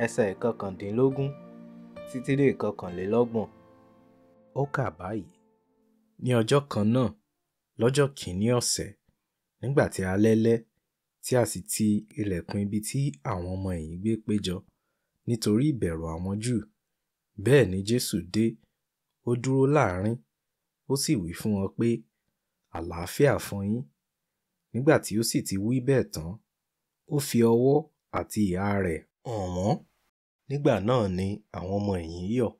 ẹsẹ̀ ìkọkàndínlógún títí dé ìkọkànlélọ́gbọ̀n. ó kà báyìí ní ọjọ́ kan náà lọ́jọ́ kìíní ọ̀sẹ̀ nígbà tí alẹ́ lẹ́ tí a sì ti ilẹ̀kùn ibi tí àwọn ọmọ ẹ̀yìn gbé péjọ nítorí ìbẹ̀rù àwọn Júù bẹ́ẹ̀ ni Jésù dé ó dúró láàrin ó sì wí fún wọn pé àlàáfíà fún yín nígbà tí ó sì ti wí bẹ́ẹ̀ tán ó fi ọwọ́ àti ìhà rẹ̀ ọ̀wọ́n nígbà náà ni àwọn ọmọ ẹ̀yìn yọ̀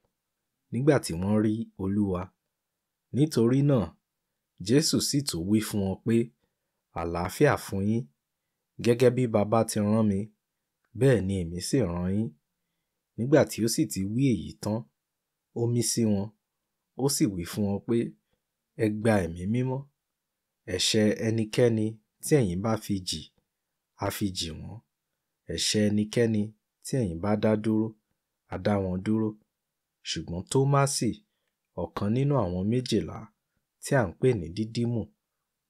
nígbà tí wọ́n rí Olúwa. Nítorí náà, Jésù sì tún wí fún wọn pé, “Àlàáfíà fún yín, gẹ́gẹ́ bí Baba ti rán mi, bẹ́ẹ̀ ni èmi sì rán yín.” Nígbà tí ó sì ti wí èyí tán, ó mí sí wọn, ó sì wí fún wọn pé, “Ẹ gba Ẹ̀mí Mímọ́. Ẹ̀ṣẹ̀ ẹnikẹ́ni tí ẹ̀yin bá fi jì, á fi jì wọ́n ẹ̀ṣẹ̀ ẹnikẹ́ni tí ẹ̀yin bá dá dúró, á dá wọn dúró. Ṣùgbọ́n Tọ́másì, ọ̀kan nínú àwọn méjìlá tí à ń pè ní Dídímù,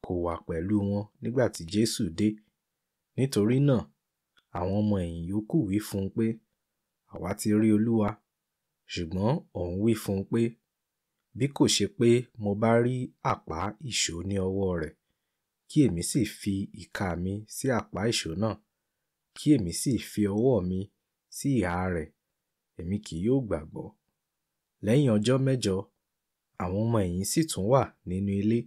kò wà pẹ̀lú wọn nígbà tí Jésù dé. Nítorí náà, àwọn ọmọ-ẹ̀yìn yòókù wí fún un pé, “Àwa ti rí Olúwa.” Ṣùgbọ́n òun wí fún un pé, “Bí kò ṣe pé mo bá rí àpá ìṣó ní ọwọ́ rẹ̀, kí èmi sì fi ìka mi sí àpá ìṣó náà, kí èmi sì fi ọwọ́ mi sí ìhà rẹ̀, èmi kì yóò gbàgbọ́. Lẹ́yìn ọjọ́ mẹ́jọ, àwọn ọmọ-ẹ̀yìn sì tún wà nínú ilé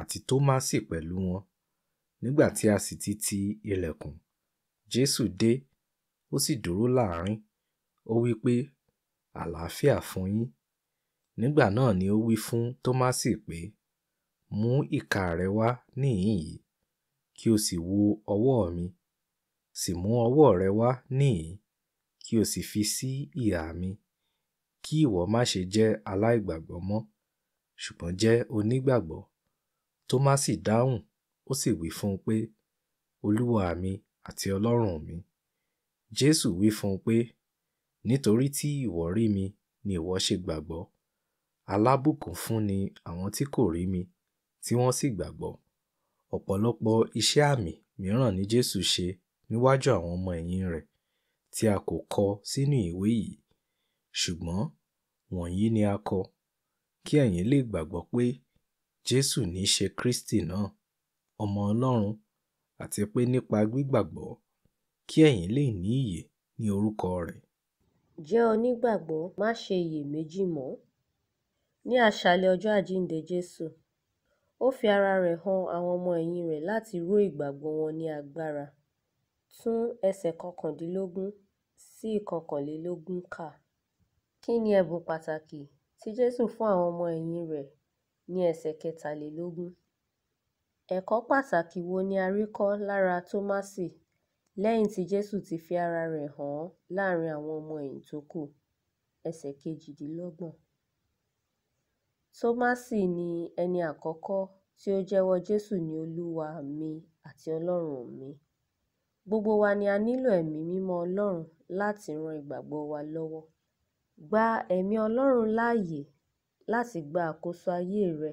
àti Tọ́másì pẹ̀lú wọn. Nígbà tí a sì ti ti ìlẹ̀kùn, Jésù dé, ó sì dúró láàrín, ó wí pé, “Àlàáfíà fún yín.” Nígbà náà ni ó wí fún Tọ́másì pé, “Mú ìka rẹ wá níhìn-ín yìí, kí o sì wo ọwọ́ mi sì mú ọwọ́ rẹ wá níhìn-ín kí o sì fi sí ìhà mi, kí ìwọ má ṣe jẹ́ aláìgbàgbọ́ mọ́, ṣùgbọ́n jẹ́ onígbàgbọ́. Tọ́másì dáhùn, ó sì wí fún un pé, Olúwa mi àti Ọlọ́run mi. Jésù wí fún un pé, Nítorí tí ìwọ rí mi ni ìwọ ṣe gbàgbọ́. Alábùkún fún ni àwọn tí kò rí mi, tí wọ́n sì gbàgbọ́. Ọ̀pọ̀lọpọ̀ iṣẹ́ àmì mìíràn ni Jésù ṣe níwájú àwọn ọmọ ẹ̀yìn rẹ̀ tí a kò kọ sínú ìwé yìí, ṣùgbọ́n wọ̀nyí ni a kọ, kí ẹ̀yin lè gbàgbọ́ pé Jésù níí ṣe Kristi náà, Ọmọ Ọlọ́run àti pé nípa gbígbàgbọ́ kí ẹ̀yin lè ní ìyè ní orúkọ rẹ̀. Jẹ́ onígbàgbọ́, má ṣe iyèméjì mọ́. Ní àṣálẹ́ ọjọ́ àjíǹde Jésù, ó fi ara rẹ̀ han àwọn ọmọ ẹ̀yìn rẹ̀ láti ró ìgbàgbọ́ wọn ní agbára tún ẹsẹ̀ kọkàndínlógún sí ìkọkànlélógún kà kín ní ẹbùn pàtàkì tí jésù fún àwọn ọmọ ẹyìn rẹ ní ẹsẹ kẹtàlélógún ẹkọ pàtàkì wo ni a rí kọ lára tòmáṣì lẹyìn tí jésù ti fi ara rẹ hàn án láàrin àwọn ọmọ ẹyìn tó kù ẹsẹ kejìdínlọgbọn tòmáṣì ni ẹni àkọkọ tí ó jẹwọ jésù ní olúwa mi àti ọlọrun mi Gbogbo wa ni a nílò ẹ̀mí mímọ́ Ọlọ́run láti ran ìgbàgbọ́ wa lọ́wọ́. Gba ẹ̀mí Ọlọ́run láàyè láti gba àkóso ayé rẹ.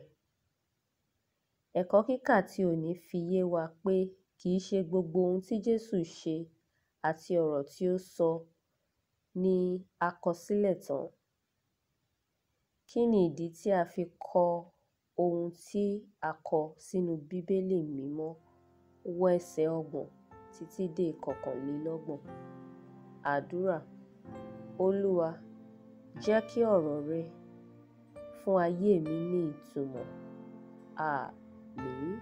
Ẹ̀kọ́ kíkà ti òní fi yé wa pé kìí ṣe gbogbo ohun tí Jésù ṣe àti ọ̀rọ̀ tí ó sọ ni a kọ sílẹ̀ tán. Kí ni ìdí tí a fi kọ ohun tí a kọ sínú Bíbélì Mímọ́? Wo ọgbọ̀n títí dé ìkọkànlélọ́gbọ̀n. Àdúrà Olúwa jẹ́ kí ọ̀rọ̀ rẹ fún ayé mi ní ìtumọ̀. Àmín.